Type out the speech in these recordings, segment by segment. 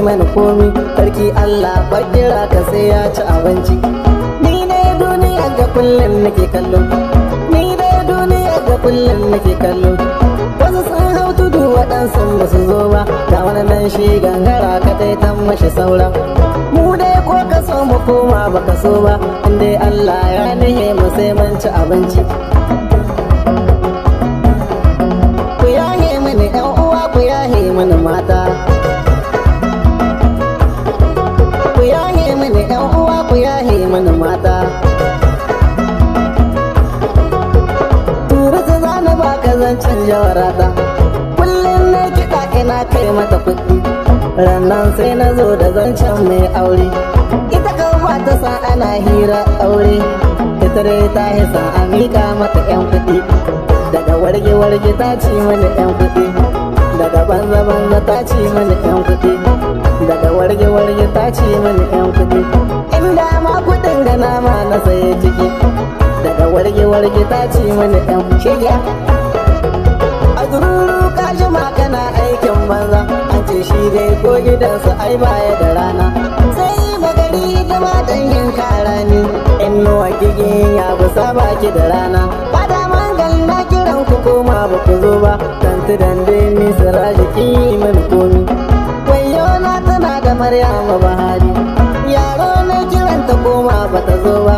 mana komi sarki Allah bakira ka sai ya ci abinci ni ne duniya da kullum nake kallon? duniya da kullum nake kallo wasu sun hau tudu waɗansu ba su zo ba wani nan shi gangara ka taitan mashi saura mu dai ko ka so mu koma ba ka so ba in dai Allah ya nihe mu sai mun abinci zan canja wa rada kullum na kiɗa ina kai mata kuɗi rannan sai na zo da zancen mai aure ita kafa ta sa ana hira aure ita dai ta hisa a miƙa mata yan kuɗi daga warge warge ta ci mani yan kuɗi daga banza banza ta ci mani yan kuɗi daga warge warge ta ci mani yan kuɗi inda ma kuɗin da ma na saye ciki daga warge warge ta ci mani yan kuɗi zururu ka jima kana aikin banza an ce shi dai ko gidansa ai baya da rana sai magari da matan yin ne in nuwa gigin ya bu saba ki da rana ba da mangal na kiran ku koma ba ku zo ba ta dande ni siraji jiki min komi wayo na tana da maryama bahari yaro na kiranta koma ba ta zo ba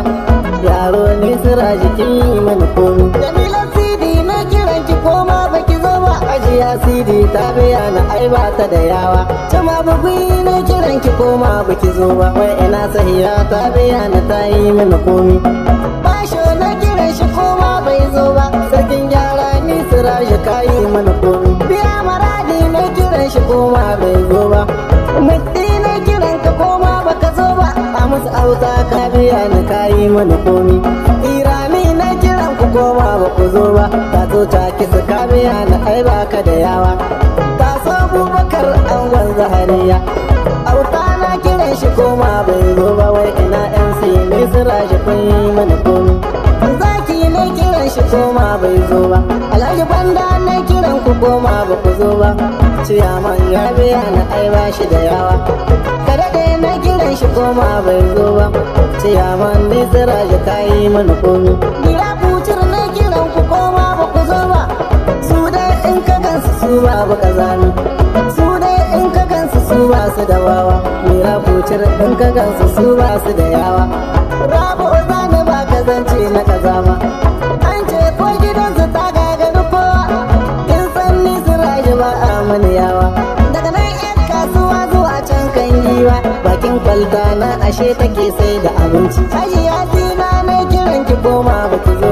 yaro ni siraji jiki min komi ya sidi ta biya na ai ba ta da yawa jama ba ku yi ne kiran ki koma ba ki zo ba wai ina sahiya ta biya na ta yi mini komi basho na kiran shi koma bai zo ba sarkin gyara ni sira shi ka yi mini komi biya maradi na kiran shi koma bai zo ba mutti na kiran ka koma ba ka zo ba a musu auta ka biya na ka yi mini komi ki su kamiya na ai baka da yawa ta samu bakar angon zahariya auta na kiran shi koma bai zo ba wai ina yan ni sira shi kun yi mana komi zaki ne kiran shi koma bai zo ba alhaji banda na kiran ku koma ba ku zo ba ciyaman ya biya na ai ba shi da yawa kada da na kiran shi koma bai zo ba man ni sira shi ta yi mana komi su dai in ka gansu su ba su da wawa mira kucir in ka gansu su ba su da yawa rabu zani ba ka zance na kazama an ce ko gidansu ta gagaru kowa in san ni su rayu ba a yawa daga nan yan kasuwa zuwa can kan wa bakin kwalta na ashe take sai da abinci ajiya na kiran ki koma baki